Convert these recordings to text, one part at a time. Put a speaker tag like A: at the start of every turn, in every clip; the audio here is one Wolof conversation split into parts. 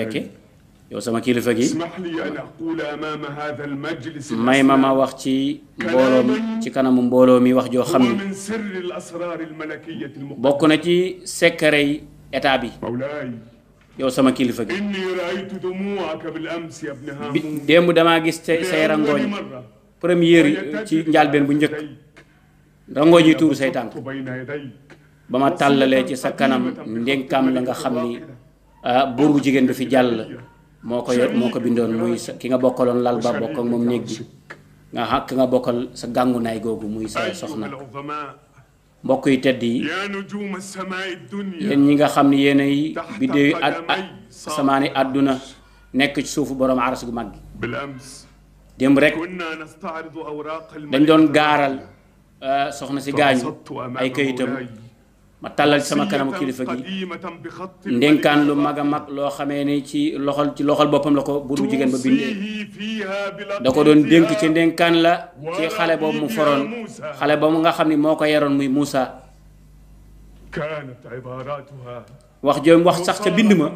A: fekke sama kilifa gi may ma ma wax ci ci kanamu mbooloo mi wax joo xam
B: ne
A: bokk na ci secret yi bi yow sama kilifa gi
B: bi démb damaa gis say rangooñ première ci
A: njàlbeen bu njëkk rangooñ tuur say ba ma tàllalee ci sa kanam ndénkaam la nga xam ni ah buur bu jigéen du fi jàll moo ko yor moo ko bindoon muy sa ki nga bokkaloon lal ba bokk moom néeg bi nga xam ki nga bokkal sa gàngu naay muy sa soxna mbokk yu tedd yi yéen ñi nga xam ne yéen ay biddéew ak samaani àdduna nekk ci suufu borom aras gu mag gi démb rek dañ doon gaaral ah, soxna si gaañu ay këyitam ma tàllal ci sama kanamu kilifa gi ndénkaan lu mag a mag loo xame ni ci loxol ci loxol boppam la ko budu jigéen ba bindee da ko doon dénk ci ndénkaan la ci xale boobu mu foroon xale boobu nga xam ni moo ko yaroon muy Moussa
B: wax joom wax sax ca bind ma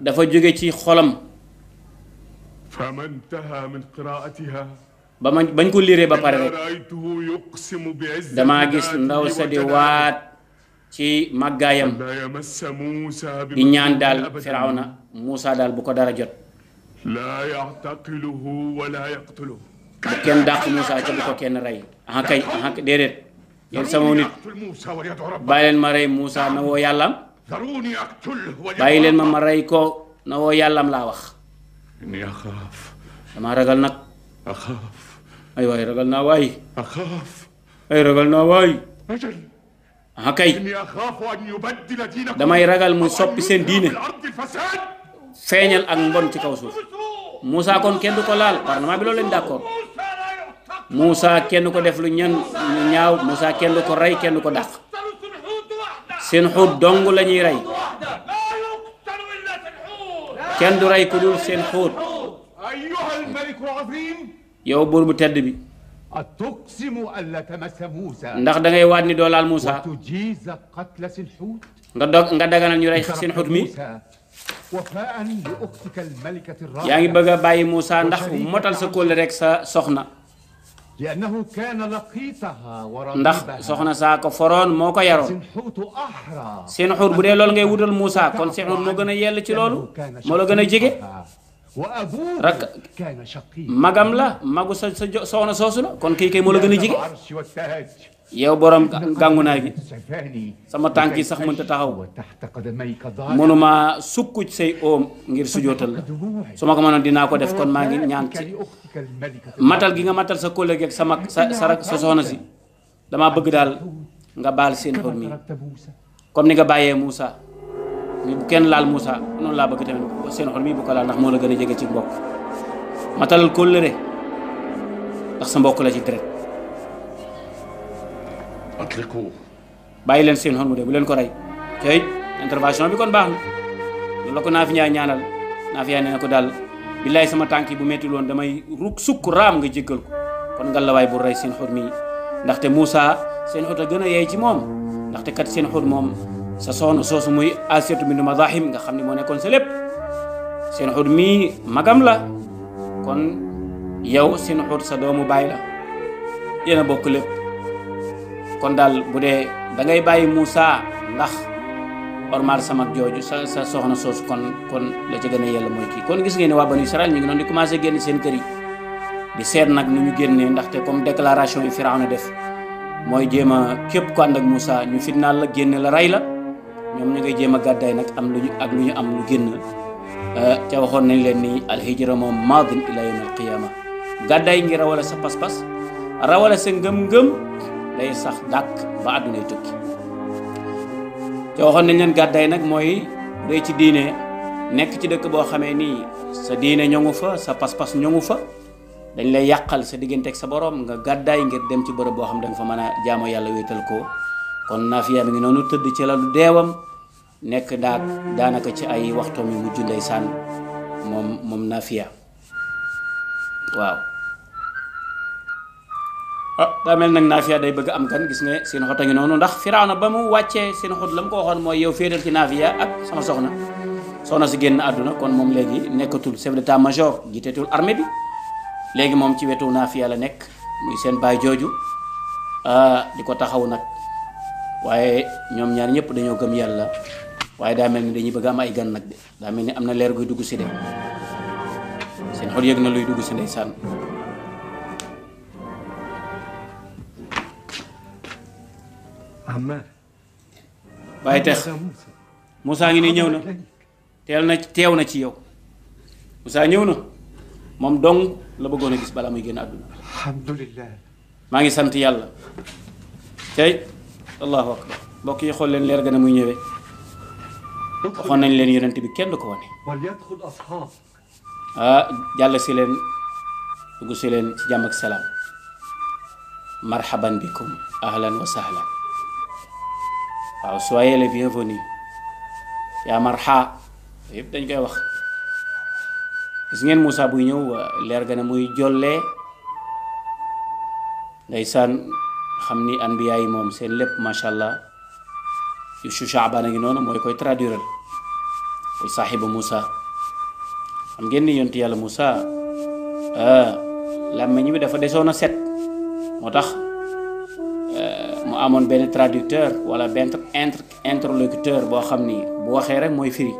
A: dafa jóge ci xolam ba ma bañ ko liiree ba pare rek damaa gis ndaw sa di waat ci màggaayam di ñaan daal firawna Muusa daal bu ko dara jot bu kenn dàq Muusa ca bu ko kenn rey aha kay déedéet
B: yéen
A: ma rey Muusa na woo yàllam ko na woo laa wax dama ragal nag ay waay ragal naa waay. axaaf. ay ragal naa waay. ah kay damay ragal mu soppi seen diine feeñal ak mbon ci kaw suuf Moussa kon kenn du ko laal parlement bi loolu lañ d'accord Moussa kenn ko def lu ñan ñaaw Moussa kenn du ko rey kenn du ko dàq seen xuut dong la ñuy rey kenn du rey ku dul seen xuut yow buur bu tedd bi ndax da ngay waat ni doo laal Moussa nga dog nga daganal ñu rey seen xut mi
C: yaa ngi bëgg a bàyyi Moussa ndax
A: motal sa kóol rek sa soxna ndax soxna saa ko foroon moo ko yaroon seen xut bu dee loolu ngay wutal Moussa kon seen xut moo gën a yella ci loolu
C: moo la gën a jege. rakk
A: magam la magu sa sa soxna soosu la kon kii kay moo la gën a jige yow borom gàngunaay bi
C: sama tànk yi sax ta taxaw
A: mënuma sukku say oom ngir sujootal la su ma ko mënoon dinaa ko def kon maa ngi ñaan ci matal gi nga matal sa collègue ak sa mag sa sa si damaa bëgg daal nga baal seen xor mi comme ni nga bàyyee Moussa bu kenn laal Moussa noonu laa bëgg tamit seen xol bi bu ko laal ndax moo la gën a jege ci mbokk matalal kóllëre ndax sa mbokk la ci deret bàyyi leen seen xol mu de bu leen ko rey tey intervention bi kon baax na loolu la naa fi ñaa ñaanal naa fi ñaa ne ko daal billaay sama tànk bu metti loon damay ruk sukk raam nga jéggal kon ngal la waay bu rey seen xor mi ndaxte Moussa seen xot a gën a yeey ci moom ndaxte kat seen xor moom sa soxna soosu muy Asiyatu bintu Mazahim nga xam ne moo nekkoon sa lépp seen xut mii magam la kon yow seen xut sa doomu baay la yéen a bokk lépp kon daal bu dee da ngay bàyyi Moussa ndax ormaal sama jooju sa sa soxna soos kon kon la ca na a yella mooy kii kon gis ngeen ne ba nu Israël ñu ngi noonu di commencé génn seen kër di seet nag nu ñu génnee ndaxte comme déclaration yi Firawna def mooy jéem a képp ku ànd ak Moussa ñu fitnaal la génne la ray la ñoom ñu ngay jéem a gàddaay nag am lu ñu ak lu ñu am lu génn ca euh, waxoon nañ leen ni alhijra moom maadin ila yawm alqiyama gàddaay ngi rawale sa pas-pas rawale sa ngëm-ngëm day sax dàkk ba àddunay tukki ca waxoon nañ leen gàddaay nag mooy day ci diine nekk ci dëkk boo xamee nii sa diine ñoŋu fa sa pas-pas ñoŋu fa dañ lay yàqal sa diggante ak sa borom nga gàddaay ngir dem ci bërëb boo xam da nga fa mën a jaamoo yàlla wéetal ko kon Naafiya mi ngi noonu tëdd ci la lu deewam nekk daak daanaka ci ay waxtoom yu mujj ndeysaan moom moom Naafiya waaw ah daa mel nag Naafiya day bëgg am kan gis ne seen xot a ngi noonu ndax Firawna ba mu wàccee seen xot la mu ko waxoon mooy yow féetal ci Naafiya ak sama soxna soxna si génn àdduna kon moom léegi nekkatul chef d'état-major jiitetul armée bi léegi moom ci wetu Naafiya la nekk muy seen baay jooju ah, di ko taxaw nag waaye ñoom ñaar ñëpp dañoo gëm yàlla waaye daa mel ni dañuy bëgg am ay gan nag de daa mel ni am na leer guy dugg si de seen xol yëg na luy dugg si ndeysaan waaye tex Moussa ngi nii ñëw na teel na teew na ci yow musaa ñëw na moom dong la bëggoon a gis balaa muy génn
C: àdduna
A: maa ngi sant yàlla tey allahu akbar mbokk yi xool leen leer gën a muy ñëwee waxoon nañ leen yonent bi kenn du ko wane ah jàll si leen dugg si leen ci jàmm ak salaam marhaban bikum ahlan wa sahlan waaw soyez les bienvenus yaa marha yëpp dañ koy wax gis ngeen musaa buy ñëw leer gën a muy jollee ndeysaan xam ni anbiyaa yi moom seen lépp macha allah su Shaaban a ngi noonu mooy koy traduiral koy saaxiba Moussa xam ngeen ni yonti yàlla Moussa ah, ñi bi dafa desoon a set moo tax ah, mu amoon benn traducteur wala benn interlocuteur boo xam ni bu waxee rek mooy firi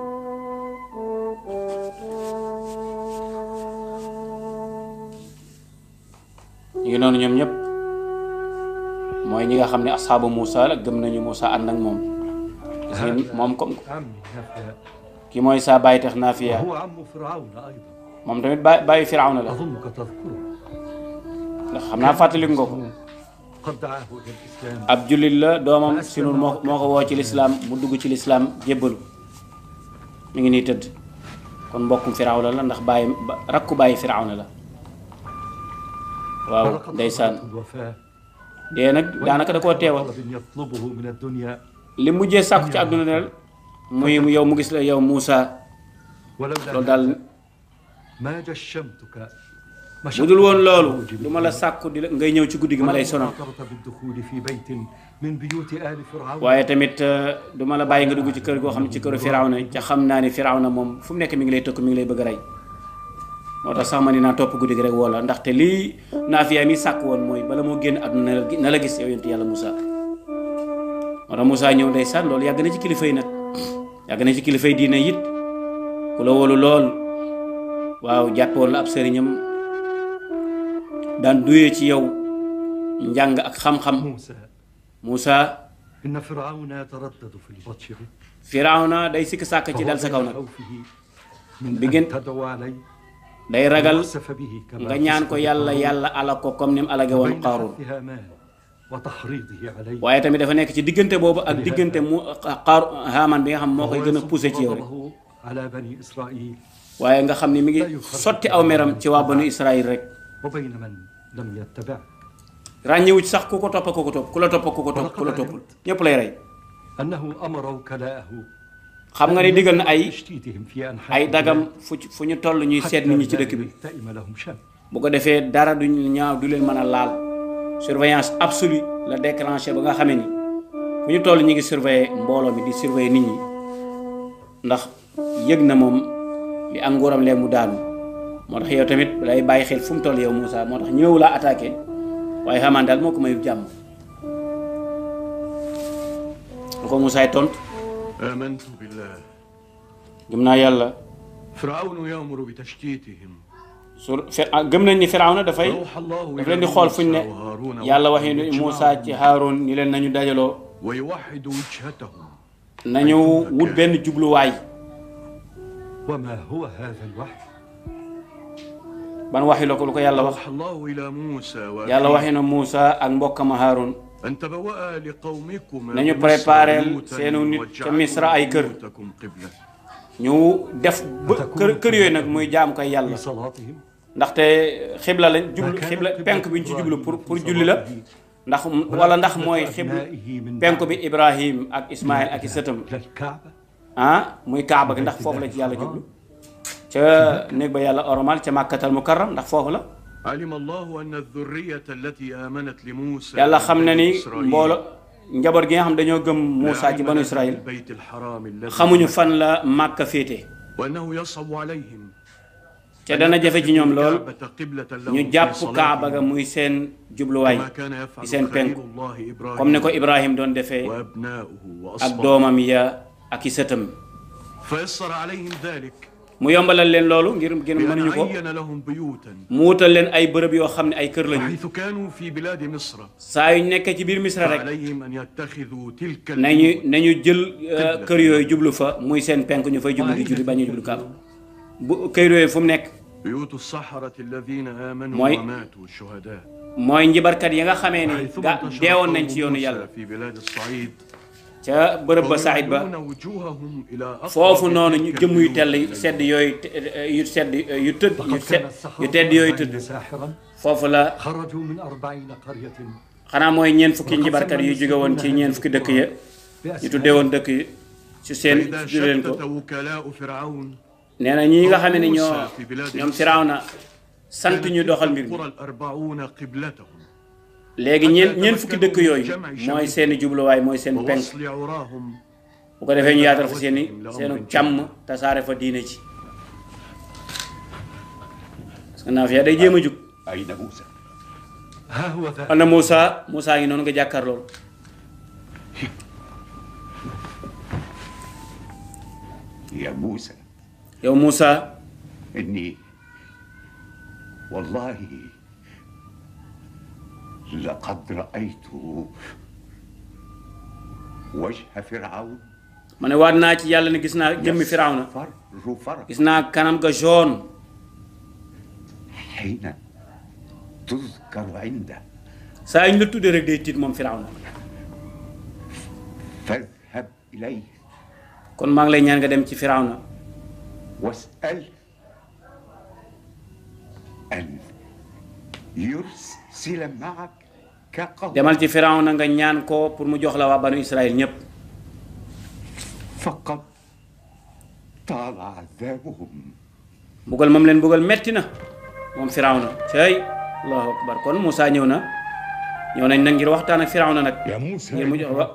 A: ñu ngi noonu ñoom ñëpp. mooy ñi nga xam ne asxaabu Moussa la gëm nañu Moussa ànd ak moom moom ki mooy sa bàyyi tax Naafiya moom tamit ba bàyyi Firawna la ndax xam naa fàttaliku nga ko ab jullit la doomam sinul moo moo ko woo ci lislaam mu dugg ci lislaam jébbalu mi ngi nii tëdd kon mbokkum Firawna la ndax bàyyi rakku bàyyi na la waaw ndeysaan dee nag daanaka da koo teewal li mujjee sàkku ci àdduna del muy mu yow mu gis la yow Moussa loolu daal bu dul woon loolu du ma la sàkku di la ngay ñëw ci guddi gi ma lay sonal waaye tamit euh, du ma la bàyyi nga dugg ci kër goo xam ne ci këru Firawna ca xam naa ne Firawna moom fu mu nekk mi ngi lay tëkk mi ngi lay bëgg rey moo tax sax ma ne naa topp guddi gi rek woo ndaxte lii naafiya mi sàkk woon mooy bala moo génn àdduna na la gis yow yonent yàlla Moussa moo tax Moussa ñëw ndeysaan loolu yàgg na ci kilifa yi nag yàgg na ci kilifa yi diine it ku la wóolu lool waaw jàppoon la ab sëriñam daan duyee ci yow njàng ak xam-xam Moussa
C: inna firawna yataraddadu
A: day sikk sàkk ci dal sa kaw nag day ragal nga ñaan ko yàlla yàlla ala ko comme ni mu alage woon Qaaruun waaye tamit dafa nekk ci diggante boobu ak diggante mu Qaar Haamaan bi nga xam moo koy gën a poussé ci yow rek waaye nga xam ni mi ngi sotti aw meram ci waa banu Israël rek ràññewu ci sax ku ko topp ku ko topp ku la topp ku ko topp ku la toppul ñëpp lay rey.
C: xam nga ne digal na ay ay dagam fu
A: fu ñu toll ñuy seet nit ñi ci dëkk bi bu ko defee dara du ñaaw du leen mën a laal surveillance absolue la déclenché bu nga xamee ni fu ñu toll ñu ngi surveiller mbooloo mi di surveiller nit ñi ndax yëg na moom li ak nguuram lee mu daanu moo tax yow tamit lay bàyyi xel fu mu yow Moussa moo tax ñëw laa attaqué waaye xamaan daal moo ko may jàmm lu ko Moussa tontu. amantu billah gëm naa yàlla
C: firawnu yamuru bi tashtitihim
A: sur ah, gëm nañ ni firawna dafay daf leen di xool fuñ ne yàlla waxi Muusa ci Haaroon ni leen nañu dajaloo wa yuwaxidu wijhatahum nañu wut benn jubluwaay wa
C: ma huwa haadha alwahy
A: ban waxi la ko lu ko yàlla wax yàlla waxi na Muusa ak mbokkam Haaroon nañu prépareel seenu nit ca misra ay kër ñu def kër kër yooyu nag muy jaam koy yàlla ndaxte xibla lañ jublu xibla penk bi ñu ci jublu pour pour julli la ndax wala ndax mooy xibla penk bi Ibrahim ak Ismaïl ak i sëtam ah, muy Kaaba gi ndax foofu la ci yàlla jublu ca néeg ba yàlla oromal ca màkkatal mukarram ndax foofu la yàlla xam na ni mboolo njaboot gi nga xam dañoo gëm Muusa ci banu Israël xamuñu fan la Màkka féete te dana jafe ci ñoom lool ñu jàpp kaaba ga muy seen jubluwaay ci seen penku comme ni ko Ibrahim doon defee ak doomam ya ak i sëtam mu yombalal leen loolu ngir gën mënuñu ko mu wutal leen ay bërëb yoo xam ne ay kër
C: lañu
A: saa yu nekkee ci biir misra rek nañu nañu jël euh, kër yooyu jublu fa muy seen penk ñu fay jublu di julli bañu jublu kaaba bu kër yooyu fu mu nekk
C: mooy mooy barkat yi nga xamee ni
A: ga deewoon nañ ci yoonu yàlla ca bërëb ba saxit ba foofu noonu ñu jëmm yu tell sedd yooyu yu sedd yu tëdd yu tedd yooyu tëdd foofu la
C: xanaa mooy ñeen fukki njibarkat yu jóge woon ci ñeen fukki dëkk ya ñu tuddee woon dëkk yi ci seen su leen ko
B: nee na ñi nga xam ne ñoo ñoom Firawna
A: sant ñu doxal mbir mi léegi ñeen ñeen fukki dëkk yooyu mooy seeni jubluwaay mooy seen penk bu ko defee ñu yaatal fa seeni seenu càmm tasaare fa diine ci parce que Naafiya day jéem a jug ana Moussa Moussa ngi noonu nga jàkkaar loolu yow Moussa inni لقد رأيت وجه فرعون ma ne waat naa ci yàlla ne gis naa jëmmi firawna gis naa kanam ga jaune حين تذكر عنده saa ñu la tuddee rek day tiit moom firawna fadhhab ilayhi kon maa ngi lay ñaan nga dem ci firawna was'al an yursila
C: ma'ak demal ci
A: Firawna nga ñaan ko pour mu jox la waa banu Israël ñépp mbugal moom leen mbugal metti na moom na cey allahu akbar kon Moussa ñëw na ñëw nañ nag ngir waxtaan ak na nag ngir mu jox wa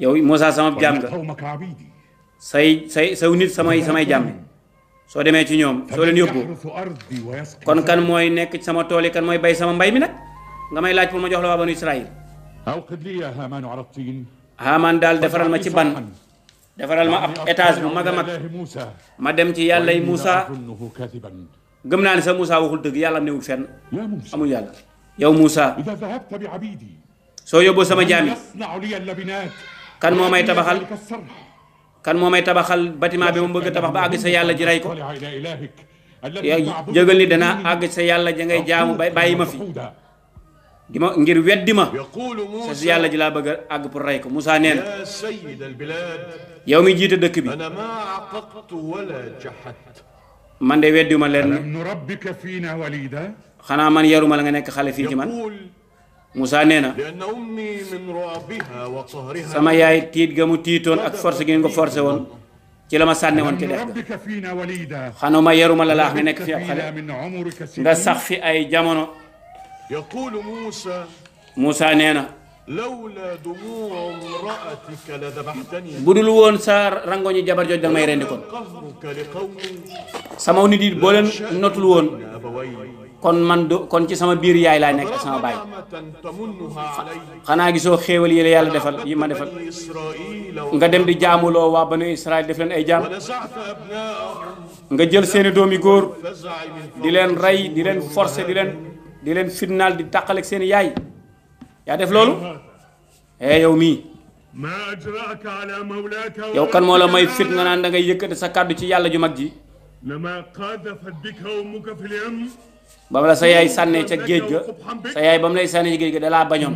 A: yow Moussa sama jaam nga say say saw nit samay samay jaam soo demee ci ñoom soo leen yóbbu kon kan mooy nekk ci sama tool yi kan mooy bay sama mbay mi nag nga may laaj pour ma jox la waa banu Israël. Haamaan daal defaral ma ci ban defaral ma ab étage bu mag a mag ma dem ci yàllay Moussa gëm naa ne sax Moussa waxul dëgg yàlla newul fenn amul yàlla yow Moussa soo yóbboo sama jaam yi kan moo may tabaxal kan moo may tabaxal bâtiment bi ma bëgg a tabax ba àgg sa yàlla ji rey ko yëgal ni danaa àgg sa yàlla ja ngay jaamu bàyyi ma fi. di ma ngir weddi ma sa si yàlla ji laa bëgg a àgg pour ray ko Moussa nee na
C: yow mi jiite dëkk bi
A: man de weddi ma leen xanaa man yaruma la nga nekk xale fii ci man musa nee na
C: sama yaay tiit
A: ga mu tiitoon ak force gin nga ko forcé woon ci la ma sànne woon ci dex
C: ga xanaa ma yaruma la laax nga nekk fi ab xale nga sax
A: fi ay jamono yaqulu Muusa Muusa nee na lawla dumuu imraatika la dabaxtani bu dul woon sa rangoñu jabar jooju da may rendi kon sama nit yi boo leen notul woon kon man do kon ci sama biir yaay laa nekk ak sama baay xanaa gisoo xéewal yi la yàlla defal yi ma defal nga dem di jaamuloo waa banu Israël def leen ay jaam nga jël seeni doomi góor di leen rey di leen forcer di leen di leen fitnaal di tàqaleeg seen yaay yaa def loolu eh yow mii yow kan moo la may fit nga naan da ngay yëkkati sa kàddu ci yàlla ju mag ji ba mu la sa yaay sànnee ca géej ga sa yaay ba mu lay sànnee ca géej ga dalaa bañoon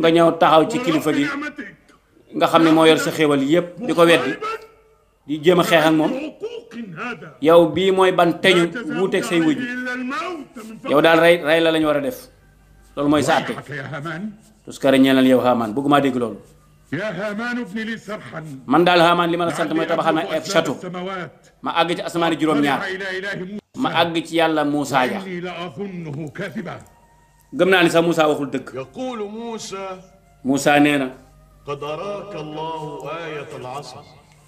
A: nga ñëw taxaw ci kilifa gi nga xam ne moo yor sa xéewal yépp di ko weddi di jéem a xeex ak moom yow bii mooy ban teñu wuuteeg say wujj yow daal rey rey la la ñu war a def loolu mooy saate tuskare ñeenal yow Haamaan bëggumaa dégg loolu
C: man daal Haamaan li ma la sant mooy tabaxal ma ef château
A: ma àgg ci asamaani juróom-ñaar ma àgg ci yàlla Moussa ja gëm naa ni sax Moussa waxul dëgg Moussa nee na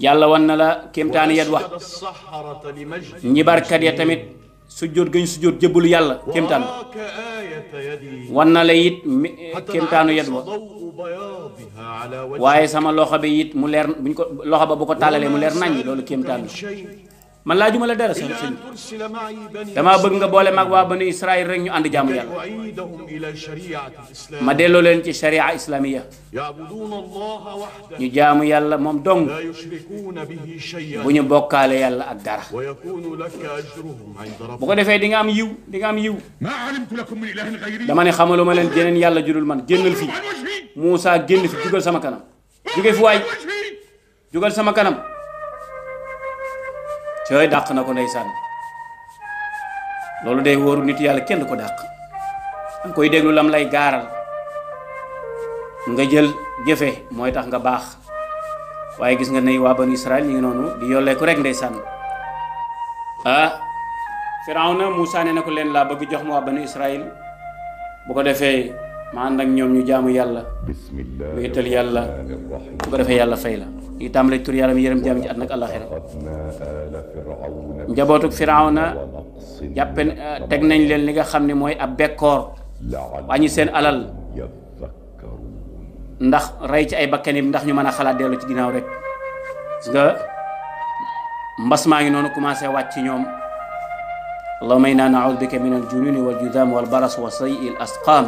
A: yàlla wan na la kéemtaani yat wax
C: ñi barkat ya tamit
A: sujjóot gañ sujjóot jëbbalu yàlla kéemtaan wan na la it kéemtaanu yat wa waaye sama loxo bi it mu leer buñ ko loxo ba bu ko tàllalee mu leer nañ loolu kéemtaan la man laa juma la dara sax sëñ
B: damaa bëgg nga boole mag
A: waa banu Israël rek ñu ànd jaamu yàlla ma delloo leen ci sharia islamiya ñu jaamu yàlla moom dong bu ñu bokkaale yàlla ak dara bu ko defee di nga am yiw di nga am yiw dama ne xamaluma leen jeneen yàlla judul man génnal fii Moussa génn fi jugal sama kanam juge fi waay jugal sama kanam cooy dàq na ko ndeysaan loolu day wóoru nit yàlla kenn ko dàq danga koy déglu lam lay gaaral nga jël jëfe mooy tax nga baax waaye gis nga ne waa banu Israël ñu noonu yollee ko rek ndeysaan ah Firawna Muusaa ne na ko leen laa bëgg jox ma waa banu Israël bu ko defee ma ànd ak ñoom ñu jaamu yàlla
C: wéetal yàlla
A: bu ko defee yàlla fey la di tàmbale tur yaram yërëm jaam ci at nag àllaxira njabootuk firawna jàppe euh, teg nañ leen li nga xam ne mooy ab bekkoor wàññi seen alal ndax rey ci ay bakkanib ndax ñu mën a xalaat dellu ci ginnaaw rek parce que mbas maa ngi noonu commencé wàcc ci ñoom allahumma inna naudu bika min aljununi waljudam walbaras wa sayi al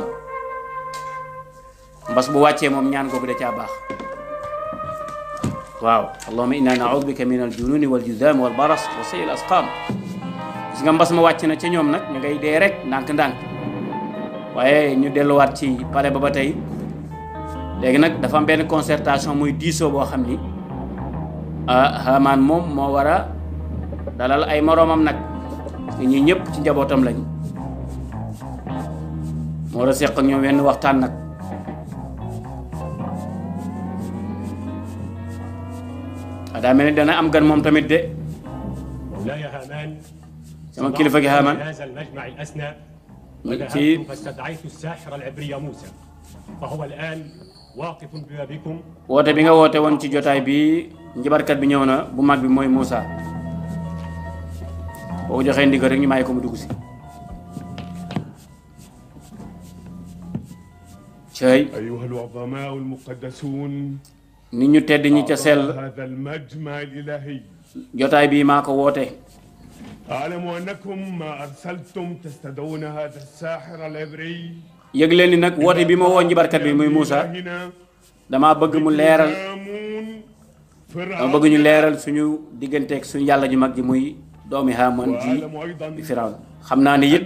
A: mbas bu wàccee moom ñaan googu da caa baax waaw allahuma inna naud bika min aljununi waljuzaam walbaras wa sayil asqaam gis nga mbas ma wàcc na ci ñoom nag ñu ngay dee rek ndànk-ndànk waaye ñu delluwaat ci pare ba ba tey léegi nag dafa am benn concertation muy diisoo boo xam ni Haman moom moo war a dalal ay moroomam nag ñi ñëpp ci njabootam lañu moo war a seq ak ñoom wenn waxtaan nag
C: daa ni dana am gan moom tamit de sama kilifa gi Haamaan ci
B: woote
A: bi nga woote woon ci jotaay bi njabarkat bi ñëw na bu mag bi mooy Moussa boo ko joxee ndigal rek ñu may ko mu dugg si. cey. ni ñu tedd ñi ca sell jotaay bii maa ko woote
B: aalamu annakum ma arsaltum tastadawna hada saaxir al ibri yëg leen nag woote bi ma woo njibarkat bi muy Moussa
A: damaa bëgg mu leeral dama bëgg ñu leeral suñu digganteeg suñu yàlla ju mag ji muy doomi Haamaan ji Firawn xam naa ne it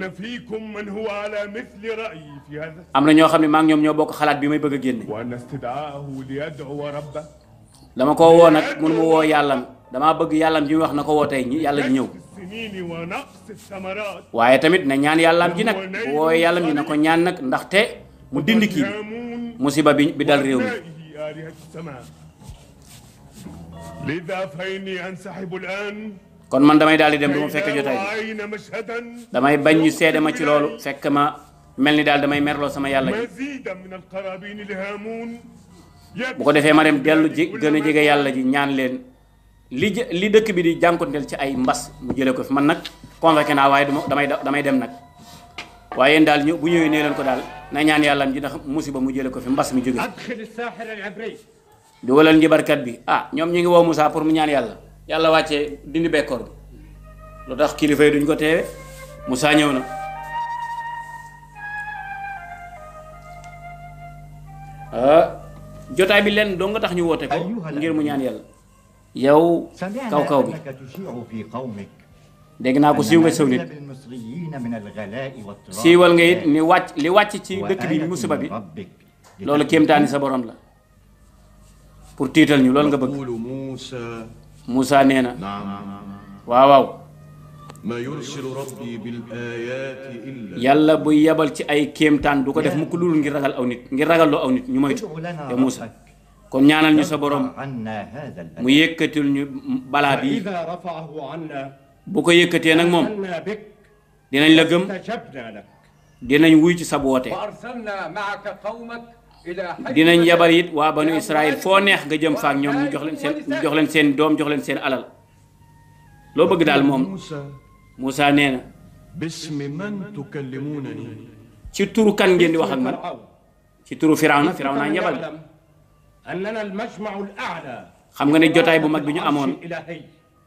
A: am na ñoo xam ne maa ñoom ñoo bokk xalaat bi may bëgg a génne dama ko woo nag mënu woo yàllam damaa bëgg yàllam ji wax na ko woo tey ñi yàlla ji ñëw waaye tamit na ñaan yàllam ji nag bu woo yàllam ji na ko ñaan nag ndaxte mu dindi kii musiba bi bi dal réew mi
B: lida fayni ansaxibu lan
A: kon man damay daal di dem du ma fekk jotaay bi damay bañ ñu seede ma ci loolu fekk ma mel ni daal damay merloo sama yàlla ji bu ko defee ma dem dellu ji gën a jege yàlla ji ñaan leen li li dëkk bi di jànkonteel ci ay mbas mu jëlee ko fi man nag convaincu naa waaye duma damay damay dem nag waaye yéen daal ñu bu ñëwee nee leen ko daal na ñaan yàllam ji ndax musiba mu jëlee ko fi mbas mi jóge dugalal njibarkat bi ah ñoom ñu ngi woo Moussa pour mu ñaan yàlla yàlla wàcce dindi bekkoor bi lu tax kilifa yi duñ ko teewe Moussa ñëw na ah, jotaay bi leen doo nga tax ñu woote ko ngir mu ñaan yàlla yow kaw kaw bi dégg naa ko siiw nga sëw nit siiwal nga it ni wàcc li wàcc ci dëkk bi musiba bi loolu kéemtaani sa borom la pour tiital ñu loolu nga bëgg Moussa nee na waaw waaw yàlla buy yebal ci ay kéemtaan du ko def mukk lu dul ngir ragal aw nit ngir ragal loo aw nit ñu moytu te Moussa kon ñaanal ñu sa borom mu yëkkatil ñu balaa bi
C: bu ko yëkkatee nag moom
A: dinañ la gëm dinañ wuy ci sa woote dinañ yabar it waa banu Israël foo neex nga jëm faak ñoom ñu jox leen seen jox leen seen doom jox leen seen alal loo bëgg daal moom Moussa nee na ci turu kan ngeen di wax ak man ci turu Firawna Firawna yabal xam nga ne jotaay bu mag bi ñu amoon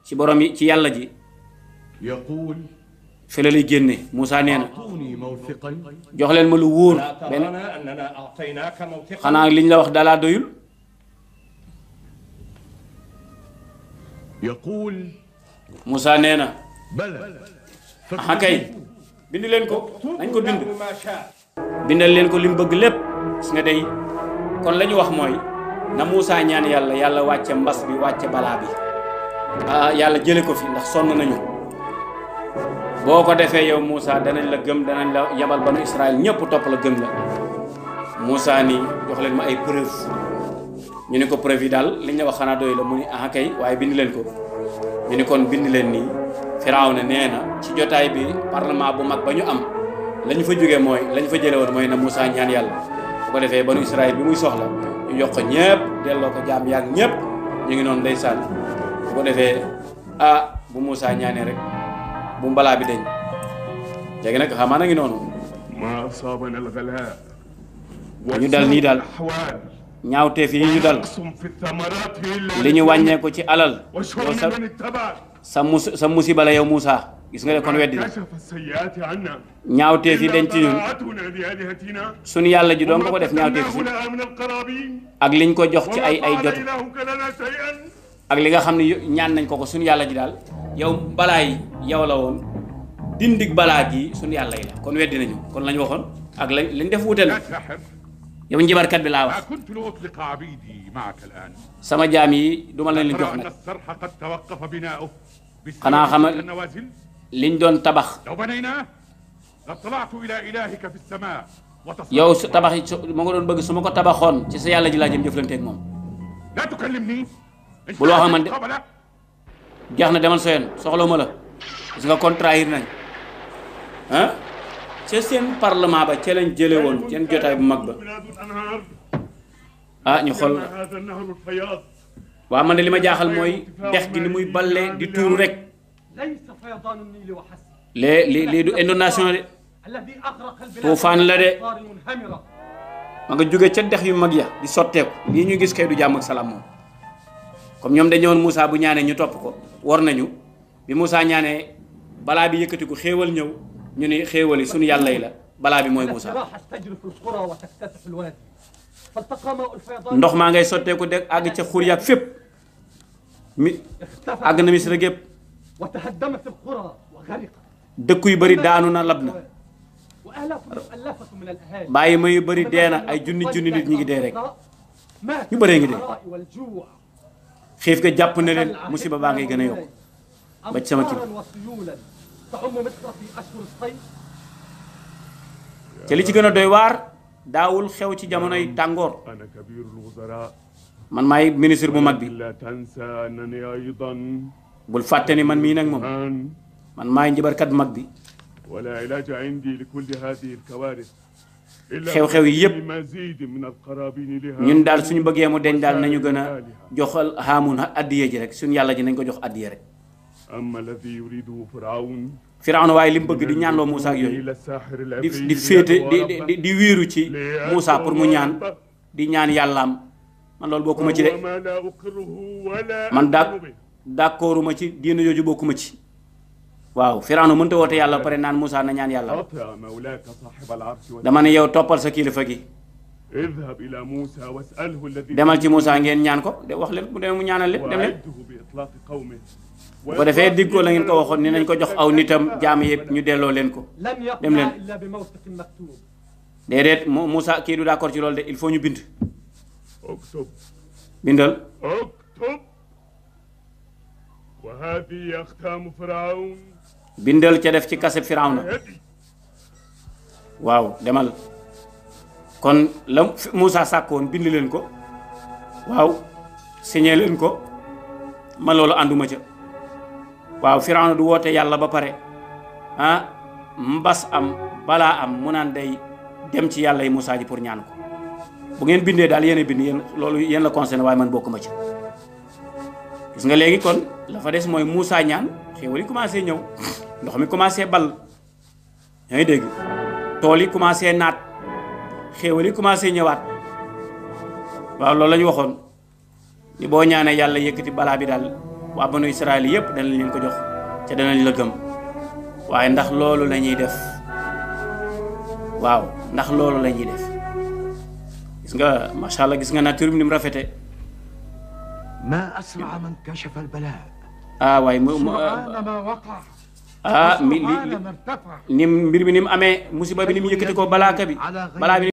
A: ci boroom yi ci yàlla ji. fi la lay génne Moussa nee na jox leen ma lu wóor benn xanaa liñ la wax dalaa doyul Moussa nee na kay bind leen ko nañ ko bind leen ko li mu bëgg lépp gis nga kon la ñu wax mooy na Moussa ñaan yàlla yàlla wàcce mbas bi wàcce balaa bi ah, yàlla jële ko fi ndax sonn nañu boo ko defee yow Moussa danañ la gëm danañ la yabal banu Israël ñëpp topp la gëm la Moussa ni jox leen ma ay preuve ñu ni ko preuve daal li ñu wax xanaa doy la mu ni ah waaye bind leen ko ñu ni kon bind leen nii Firawna nee na ci jotaay bi parlement bu mag ba ñu am lañ fa jógee mooy lañ fa jëlee woon mooy na Moussa ñaan yàlla bu ko defee ba banu Israël bi muy soxla ñu jox ko ñëpp delloo ko jaam yaag ñëpp ñu ngi noonu ndeysaan bu ko defee ah bu Moussa ñaanee rek bu mbalaa bi deñ léegi nag xam na ngi noonu ñu dal nii daal ñaawteef yi ñu dal li ñu wàññee ci alal yow sa sa mus sa musiba la yow Moussa gis nga de kon weddi na ñaawteef yi denc ñun suñu yàlla ji doon nga ko def ñaawteef si ak liñ ko jox ci ay ay jotu ak li nga xam ne ñaan nañ ko ko sunu yàlla ji daal yow balaa yi yow la woon dindig balaa gi suñu yàlla yi la kon weddi nañu kon lañ waxoon ak lañ lañ def wuute na yow njibarkat bi laa wax sama jaam yi duma leen jox nag xanaa xama liñ doon tabax yow su tabax yi su ma nga doon bëgg su ma ko tabaxoon ci sa yàlla ji laa jëm jëflanteeg moom bul wax man de jaax na demal seen soxlawuma la parce que contraire nañ ah ca seen parlement ba ce lañ jële woon seen jotaay bu mag ba ah ñu xool waaw ne li ma jaaxal mooy dex gi ni muy balle di tuuru rek lee li lii du inondation de
C: tuufaan la de
A: ma nga jóge ca dex yu mag ya di sotteeku lii ñu gis kay du jàmm ak salaam moom comme ñoom dañu ñëwoon Moussa bu ñaanee ñu topp ko war nañu bi Moussa ñaanee balaa bi ko xéewal ñëw ñu ni xéewal yi suñu yàlla yi la balaa bi mooy Moussa ndox maa ngay sotteeku de àgg ca xur yaag fépp mi
C: àgg na Misra gépp
A: dëkk yu bari daanu na lab na
C: bàyyi ma yu bëri dee ay junni junni nit ñi ngi dee rek ñu bëree ngi dee
A: xiif ga jàpp na leen musiba baa ngay gën a yokk ba ci sama kii te li ci gën a doy waar daawul xew ci jamonoy tàngoor man maay ministre bu mag bi
B: bul fàtte ni man mii nag moom
A: man maay njëbarkat bu mag bi. xew-xew yi yëpp ñun daal suñu bëggee mu deñ daal nañu gën a joxal haamun addiye ji rek suñu yàlla ji nañ ko jox addiye rek Firawna waaye li mu bëgg di ñaanloo Moussa ak yooyu di di féete di di wiiru ci Moussa pour mu ñaan di ñaan yàllaam man loolu bokkuma ci de man daa d'accorduma ci diina jooju bokkuma ci waaw Firawna mënta woote yàlla pare naan Moussa na ñaan yàlla
B: dama ne yow toppal sa kilifa gi idhab ila Moussa wasalhu alladi demal ci Moussa
A: ngeen ñaan ko de wax leen mu demee mu ñaanal leen dem leen bu ko defee digg la ngeen ko waxoon ni nañ ko jox aw nitam jaam yëpp ñu delloo leen ko dem leen déedéet mu Moussa kii du d'accord ci loolu de il faut ñu bind bindal bindal ca def ci kase firawna waaw demal kon la Moussa sàkkoon bind leen ko waaw signé ko ma loolu ànduma ca waaw firawna du woote yàlla ba pare ah mbas am balaa am mu naan day dem ci yàlla yi Moussa ji pour ñaan ko bu ngeen bindee daal yéen bind yéen loolu yéen la concerné waaye man bokkuma ca gis nga léegi kon la fa des mooy Moussa ñaan xéwal yi commencé ñëw ndox mi commencé bal yaa ngi dégg tool yi commencé naat xéwal yi commencé ñëwaat waaw loolu lañuy waxoon ni boo ñaanee yàlla yëkkati balaa bi daal waa banu Israël yëpp danañ leen ko jox ca danañ la gëm waaye ndax loolu la ñuy def waaw ndax loolu la ñuy def gis nga macha allah gis nga nature bi ni mu rafete ma ah waaye mu
C: ah.
A: ah mi li ni mbir mi ni mu amee musiba bi ni mu yëkkati ko balaaka bi balaa bi